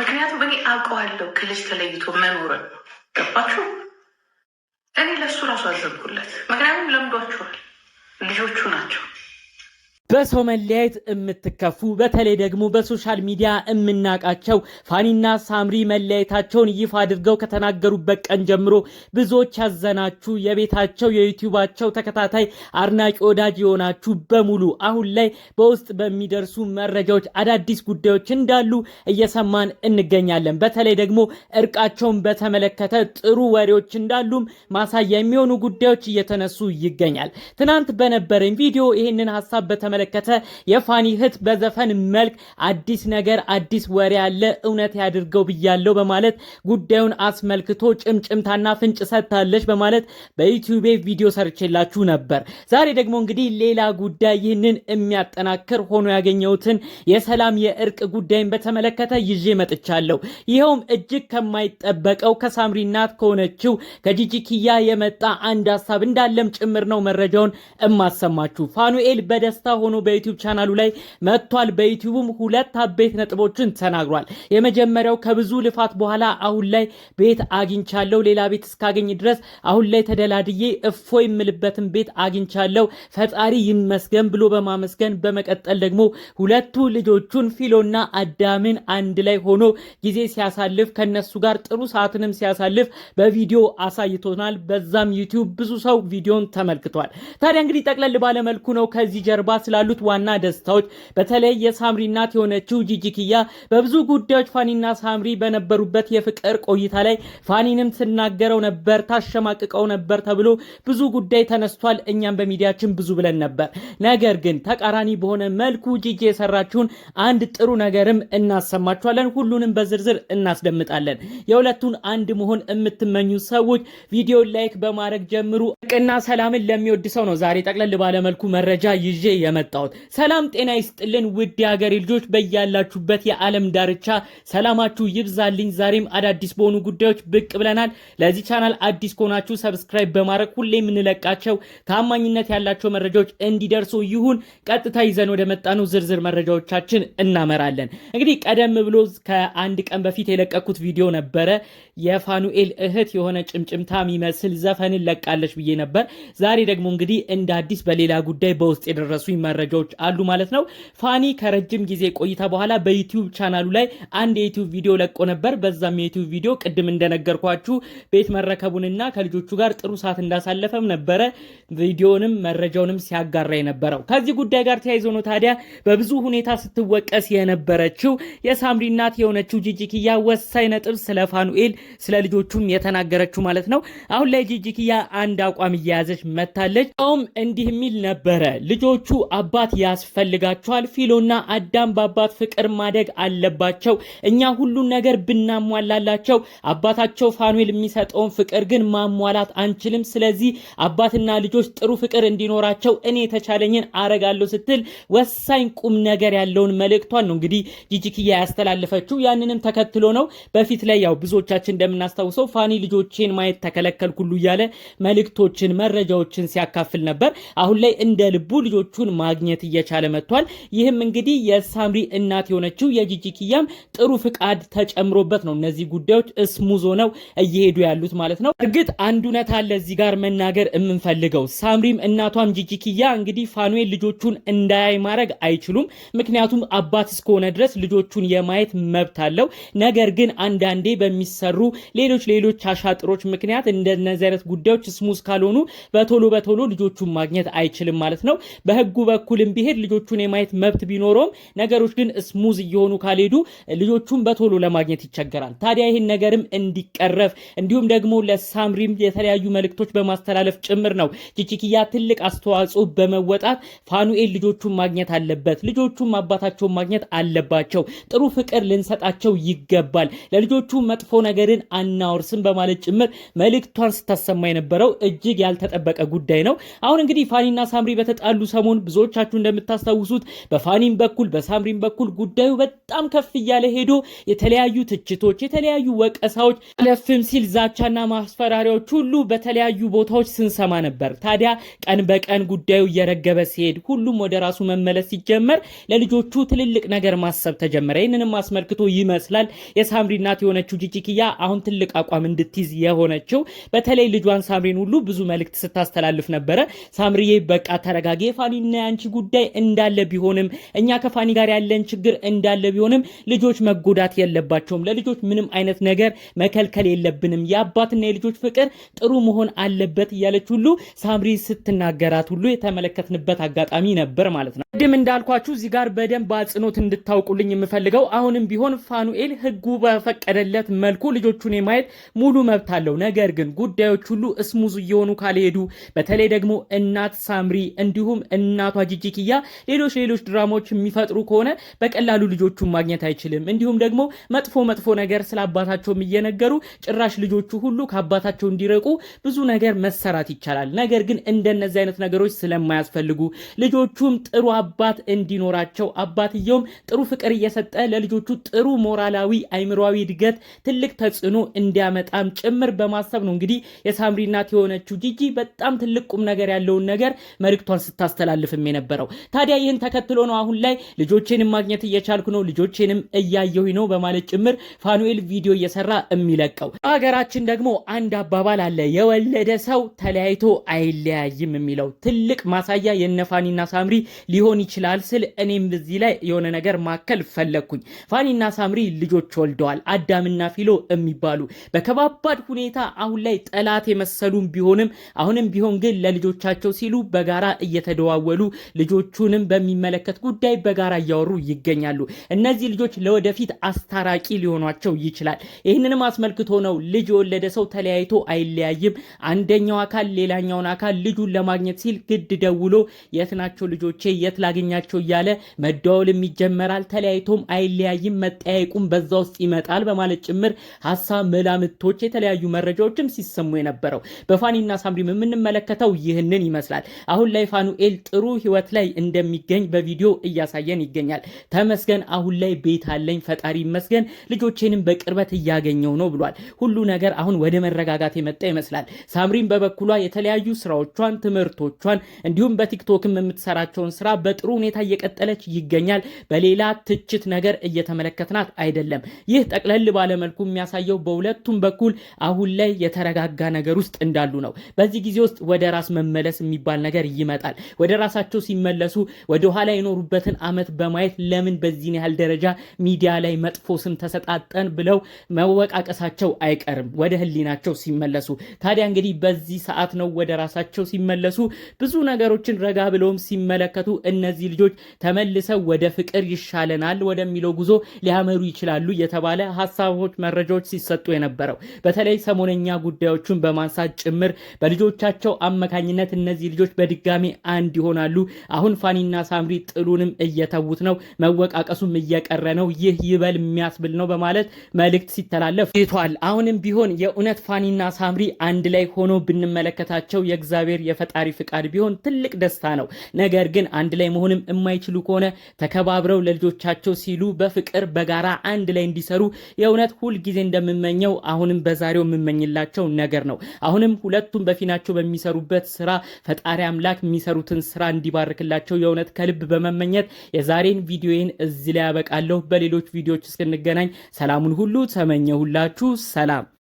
ምክንያቱም እኔ አውቀዋለሁ ከልጅ ተለይቶ መኖርን ገባችሁ። እኔ ለእሱ ራሱ አዘንኩለት፣ ምክንያቱም ለምዷችኋል፣ ልጆቹ ናቸው። በሰው መለያየት የምትከፉ በተለይ ደግሞ በሶሻል ሚዲያ የምናቃቸው ፋኒና ሳምሪ መለያየታቸውን ይፋ አድርገው ከተናገሩበት ቀን ጀምሮ ብዙዎች ያዘናችሁ የቤታቸው የዩቲዩባቸው ተከታታይ አድናቂ ወዳጅ የሆናችሁ በሙሉ አሁን ላይ በውስጥ በሚደርሱ መረጃዎች አዳዲስ ጉዳዮች እንዳሉ እየሰማን እንገኛለን። በተለይ ደግሞ እርቃቸውን በተመለከተ ጥሩ ወሬዎች እንዳሉም ማሳያ የሚሆኑ ጉዳዮች እየተነሱ ይገኛል። ትናንት በነበረኝ ቪዲዮ ይህንን ሀሳብ በተመለ በተመለከተ የፋኒ እህት በዘፈን መልክ አዲስ ነገር አዲስ ወሬ ያለ እውነት ያድርገው ብያለው በማለት ጉዳዩን አስመልክቶ ጭምጭምታና ፍንጭ ሰጥታለች በማለት በዩቲዩቤ ቪዲዮ ሰርቼላችሁ ነበር። ዛሬ ደግሞ እንግዲህ ሌላ ጉዳይ ይህንን የሚያጠናክር ሆኖ ያገኘሁትን የሰላም የእርቅ ጉዳይን በተመለከተ ይዤ መጥቻለሁ። ይኸውም እጅግ ከማይጠበቀው ከሳምሪ እናት ከሆነችው ከጂጂኪያ የመጣ አንድ ሀሳብ እንዳለም ጭምር ነው መረጃውን እማሰማችሁ ፋኑኤል በደስታ ሆኖ በዩቲዩብ ቻናሉ ላይ መጥቷል። በዩቲዩብም ሁለት አበይት ነጥቦችን ተናግሯል። የመጀመሪያው ከብዙ ልፋት በኋላ አሁን ላይ ቤት አግኝቻለሁ፣ ሌላ ቤት እስካገኝ ድረስ አሁን ላይ ተደላድዬ እፎ የምልበትን ቤት አግኝቻለሁ፣ ፈጣሪ ይመስገን ብሎ በማመስገን በመቀጠል ደግሞ ሁለቱ ልጆቹን ፊሎና አዳምን አንድ ላይ ሆኖ ጊዜ ሲያሳልፍ ከነሱ ጋር ጥሩ ሰዓትንም ሲያሳልፍ በቪዲዮ አሳይቶናል። በዛም ዩቲዩብ ብዙ ሰው ቪዲዮን ተመልክቷል። ታዲያ እንግዲህ ጠቅለል ባለመልኩ ነው ከዚህ ጀርባ ስ ላሉት ዋና ደስታዎች በተለይ የሳምሪ እናት የሆነችው ጂጂኪያ በብዙ ጉዳዮች ፋኒና ሳምሪ በነበሩበት የፍቅር ቆይታ ላይ ፋኒንም ስናገረው ነበር፣ ታሸማቅቀው ነበር ተብሎ ብዙ ጉዳይ ተነስቷል። እኛም በሚዲያችን ብዙ ብለን ነበር። ነገር ግን ተቃራኒ በሆነ መልኩ ጂጂ የሰራችውን አንድ ጥሩ ነገርም እናሰማችኋለን። ሁሉንም በዝርዝር እናስደምጣለን። የሁለቱን አንድ መሆን የምትመኙ ሰዎች ቪዲዮ ላይክ በማድረግ ጀምሩ። ቅና ሰላምን ለሚወድ ሰው ነው ዛሬ ጠቅለል ባለመልኩ መረጃ ይዤ የመ የመጣሁት። ሰላም ጤና ይስጥልን ውድ የሀገሬ ልጆች በያላችሁበት የዓለም ዳርቻ ሰላማችሁ ይብዛልኝ። ዛሬም አዳዲስ በሆኑ ጉዳዮች ብቅ ብለናል። ለዚህ ቻናል አዲስ ከሆናችሁ ሰብስክራይብ በማድረግ ሁሌ የምንለቃቸው ታማኝነት ያላቸው መረጃዎች እንዲደርሱ ይሁን። ቀጥታ ይዘን ወደ መጣነው ዝርዝር መረጃዎቻችን እናመራለን። እንግዲህ ቀደም ብሎ ከአንድ ቀን በፊት የለቀኩት ቪዲዮ ነበረ። የፋኑኤል እህት የሆነ ጭምጭምታ የሚመስል ዘፈንን ለቃለች ብዬ ነበር። ዛሬ ደግሞ እንግዲህ እንደ አዲስ በሌላ ጉዳይ በውስጥ የደረሱ መረጃዎች አሉ ማለት ነው። ፋኒ ከረጅም ጊዜ ቆይታ በኋላ በዩቲዩብ ቻናሉ ላይ አንድ የዩቲዩብ ቪዲዮ ለቆ ነበር። በዛም የዩቲዩብ ቪዲዮ ቅድም እንደነገርኳችሁ ቤት መረከቡንና ከልጆቹ ጋር ጥሩ ሰዓት እንዳሳለፈም ነበረ ቪዲዮንም መረጃውንም ሲያጋራ የነበረው። ከዚህ ጉዳይ ጋር ተያይዞ ነው ታዲያ በብዙ ሁኔታ ስትወቀስ የነበረችው የሳምሪ እናት የሆነችው ጂጂክያ ወሳኝ ነጥብ ስለ ፋኑኤል ስለ ልጆቹም የተናገረችው ማለት ነው። አሁን ላይ ጂጂክያ አንድ አቋም እየያዘች መታለች። ውም እንዲህ የሚል ነበረ ልጆቹ አ አባት ያስፈልጋቸዋል። ፊሎና አዳም በአባት ፍቅር ማደግ አለባቸው። እኛ ሁሉን ነገር ብናሟላላቸው አባታቸው ፋኑኤል የሚሰጠውን ፍቅር ግን ማሟላት አንችልም። ስለዚህ አባትና ልጆች ጥሩ ፍቅር እንዲኖራቸው እኔ የተቻለኝን አረጋለሁ ስትል ወሳኝ ቁም ነገር ያለውን መልእክቷን ነው እንግዲህ ጂጂክያ ያስተላለፈችው። ያንንም ተከትሎ ነው በፊት ላይ ያው ብዙዎቻችን እንደምናስታውሰው ፋኒ ልጆቼን ማየት ተከለከልኩ እያለ መልእክቶችን መረጃዎችን ሲያካፍል ነበር። አሁን ላይ እንደ ልቡ ልጆቹን ማግኘት እየቻለ መጥቷል። ይህም እንግዲህ የሳምሪ እናት የሆነችው የጂጂ ኪያም ጥሩ ፍቃድ ተጨምሮበት ነው እነዚህ ጉዳዮች እስሙዝ ሆነው እየሄዱ ያሉት ማለት ነው። እርግጥ አንድ እውነት አለ እዚህ ጋር መናገር የምንፈልገው ሳምሪም እናቷም ጂጂ ኪያ እንግዲህ ፋኑኤል ልጆቹን እንዳያይ ማድረግ አይችሉም። ምክንያቱም አባት እስከሆነ ድረስ ልጆቹን የማየት መብት አለው። ነገር ግን አንዳንዴ በሚሰሩ ሌሎች ሌሎች አሻጥሮች ምክንያት እንደነዚህ አይነት ጉዳዮች ስሙዝ ካልሆኑ በቶሎ በቶሎ ልጆቹን ማግኘት አይችልም ማለት ነው። በህጉ በኩልም ቢሄድ ልጆቹን የማየት መብት ቢኖረውም ነገሮች ግን ስሙዝ እየሆኑ ካልሄዱ ልጆቹን በቶሎ ለማግኘት ይቸገራል። ታዲያ ይህን ነገርም እንዲቀረፍ እንዲሁም ደግሞ ለሳምሪም የተለያዩ መልእክቶች በማስተላለፍ ጭምር ነው ችችክያ ትልቅ አስተዋጽኦ በመወጣት ፋኑኤል ልጆቹን ማግኘት አለበት፣ ልጆቹም አባታቸውን ማግኘት አለባቸው፣ ጥሩ ፍቅር ልንሰጣቸው ይገባል፣ ለልጆቹ መጥፎ ነገርን አናወርስም በማለት ጭምር መልእክቷን ስታሰማ የነበረው እጅግ ያልተጠበቀ ጉዳይ ነው። አሁን እንግዲህ ፋኒና ሳምሪ በተጣሉ ሰሞን ብዙ ብዙዎቻችሁ እንደምታስታውሱት በፋኒም በኩል በሳምሪም በኩል ጉዳዩ በጣም ከፍ እያለ ሄዶ የተለያዩ ትችቶች፣ የተለያዩ ወቀሳዎች አለፍም ሲል ዛቻና ማስፈራሪያዎች ሁሉ በተለያዩ ቦታዎች ስንሰማ ነበር። ታዲያ ቀን በቀን ጉዳዩ እየረገበ ሲሄድ ሁሉም ወደ ራሱ መመለስ ሲጀመር ለልጆቹ ትልልቅ ነገር ማሰብ ተጀመረ። ይህንንም አስመልክቶ ይመስላል የሳምሪ እናት የሆነችው ጂጂክያ አሁን ትልቅ አቋም እንድትይዝ የሆነችው። በተለይ ልጇን ሳምሪን ሁሉ ብዙ መልእክት ስታስተላልፍ ነበረ። ሳምሪዬ በቃ ተረጋጌ ፋኒና ያንቺ ጉዳይ እንዳለ ቢሆንም እኛ ከፋኒ ጋር ያለን ችግር እንዳለ ቢሆንም ልጆች መጎዳት የለባቸውም። ለልጆች ምንም አይነት ነገር መከልከል የለብንም። የአባትና የልጆች ፍቅር ጥሩ መሆን አለበት እያለች ሁሉ ሳምሪ ስትናገራት ሁሉ የተመለከትንበት አጋጣሚ ነበር ማለት ነው። ቅድም እንዳልኳችሁ እዚህ ጋር በደንብ በአጽንኦት እንድታውቁልኝ የምፈልገው አሁንም ቢሆን ፋኑኤል ህጉ በፈቀደለት መልኩ ልጆቹን የማየት ሙሉ መብት አለው። ነገር ግን ጉዳዮች ሁሉ እስሙዙ እየሆኑ ካልሄዱ በተለይ ደግሞ እናት ሳምሪ እንዲሁም እናቷ ጂጂ ኪያ፣ ሌሎች ሌሎች ድራማዎች የሚፈጥሩ ከሆነ በቀላሉ ልጆቹን ማግኘት አይችልም። እንዲሁም ደግሞ መጥፎ መጥፎ ነገር ስለ አባታቸውም እየነገሩ ጭራሽ ልጆቹ ሁሉ ከአባታቸው እንዲረቁ ብዙ ነገር መሰራት ይቻላል። ነገር ግን እንደነዚህ አይነት ነገሮች ስለማያስፈልጉ ልጆቹም ጥሩ አባት እንዲኖራቸው አባትየውም ጥሩ ፍቅር እየሰጠ ለልጆቹ ጥሩ ሞራላዊ አይምሯዊ እድገት ትልቅ ተጽዕኖ እንዲያመጣም ጭምር በማሰብ ነው እንግዲህ የሳምሪ እናት የሆነችው ጂጂ በጣም ትልቅ ቁም ነገር ያለውን ነገር መልእክቷን ስታስተላልፍም የነበረው። ታዲያ ይህን ተከትሎ ነው አሁን ላይ ልጆቼንም ማግኘት እየቻልኩ ነው፣ ልጆቼንም እያየሁኝ ነው በማለት ጭምር ፋኑኤል ቪዲዮ እየሰራ የሚለቀው። በሀገራችን ደግሞ አንድ አባባል አለ፣ የወለደ ሰው ተለያይቶ አይለያይም የሚለው ትልቅ ማሳያ የነፋኒና ሳምሪ ሊሆን ይችላል ስል እኔም እዚህ ላይ የሆነ ነገር ማከል ፈለግኩኝ። ፋኒና ሳምሪ ልጆች ወልደዋል፣ አዳምና ፊሎ የሚባሉ በከባባድ ሁኔታ አሁን ላይ ጠላት የመሰሉም ቢሆንም አሁንም ቢሆን ግን ለልጆቻቸው ሲሉ በጋራ እየተደዋወሉ ልጆቹንም በሚመለከት ጉዳይ በጋራ እያወሩ ይገኛሉ። እነዚህ ልጆች ለወደፊት አስታራቂ ሊሆኗቸው ይችላል። ይህንንም አስመልክቶ ነው ልጅ የወለደ ሰው ተለያይቶ አይለያይም፣ አንደኛው አካል ሌላኛውን አካል ልጁን ለማግኘት ሲል ግድ ደውሎ የት ናቸው ልጆቼ የት ላገኛቸው እያለ መደወልም ይጀመራል። ተለያይቶም አይለያይም፣ መጠያየቁም በዛ ውስጥ ይመጣል በማለት ጭምር ሀሳብ መላምቶች፣ የተለያዩ መረጃዎችም ሲሰሙ የነበረው በፋኒና ሳምሪም የምንመለከተው ይህንን ይመስላል። አሁን ላይ ፋኑኤል ጥሩ ህይወት ላይ እንደሚገኝ በቪዲዮ እያሳየን ይገኛል። ተመስገን አሁን ላይ ቤት አለኝ፣ ፈጣሪ ይመስገን፣ ልጆቼንም በቅርበት እያገኘው ነው ብሏል። ሁሉ ነገር አሁን ወደ መረጋጋት የመጣ ይመስላል። ሳምሪን በበኩሏ የተለያዩ ስራዎቿን፣ ትምህርቶቿን እንዲሁም በቲክቶክም የምትሰራቸውን ስራ በጥሩ ሁኔታ እየቀጠለች ይገኛል። በሌላ ትችት ነገር እየተመለከትናት አይደለም። ይህ ጠቅለል ባለመልኩ የሚያሳየው በሁለቱም በኩል አሁን ላይ የተረጋጋ ነገር ውስጥ እንዳሉ ነው። በዚህ ጊዜ ውስጥ ወደ ራስ መመለስ የሚባል ነገር ይመጣል። ወደ ራሳቸው ሰርተው ሲመለሱ ወደኋላ የኖሩበትን አመት በማየት ለምን በዚህን ያህል ደረጃ ሚዲያ ላይ መጥፎ ስም ተሰጣጠን ብለው መወቃቀሳቸው አይቀርም ወደ ህሊናቸው ሲመለሱ። ታዲያ እንግዲህ በዚህ ሰዓት ነው ወደ ራሳቸው ሲመለሱ ብዙ ነገሮችን ረጋ ብለውም ሲመለከቱ እነዚህ ልጆች ተመልሰው ወደ ፍቅር ይሻለናል ወደሚለው ጉዞ ሊያመሩ ይችላሉ የተባለ ሀሳቦች፣ መረጃዎች ሲሰጡ የነበረው በተለይ ሰሞነኛ ጉዳዮቹን በማንሳት ጭምር በልጆቻቸው አመካኝነት እነዚህ ልጆች በድጋሚ አንድ ይሆናሉ አሁን ፋኒና ሳምሪ ጥሉንም እየተዉት ነው፣ መወቃቀሱም እየቀረ ነው። ይህ ይበል የሚያስብል ነው በማለት መልእክት ሲተላለፍ ይቷል። አሁንም ቢሆን የእውነት ፋኒና ሳምሪ አንድ ላይ ሆኖ ብንመለከታቸው የእግዚአብሔር የፈጣሪ ፍቃድ ቢሆን ትልቅ ደስታ ነው። ነገር ግን አንድ ላይ መሆንም የማይችሉ ከሆነ ተከባብረው ለልጆቻቸው ሲሉ በፍቅር በጋራ አንድ ላይ እንዲሰሩ የእውነት ሁልጊዜ እንደምመኘው አሁንም በዛሬው የምመኝላቸው ነገር ነው። አሁንም ሁለቱም በፊናቸው በሚሰሩበት ስራ ፈጣሪ አምላክ የሚሰሩትን ስራ እንዲ እንድትባርክላቸው የእውነት ከልብ በመመኘት የዛሬን ቪዲዮዬን እዚህ ላይ ያበቃለሁ። በሌሎች ቪዲዮዎች እስክንገናኝ ሰላሙን ሁሉ ተመኘሁላችሁ። ሰላም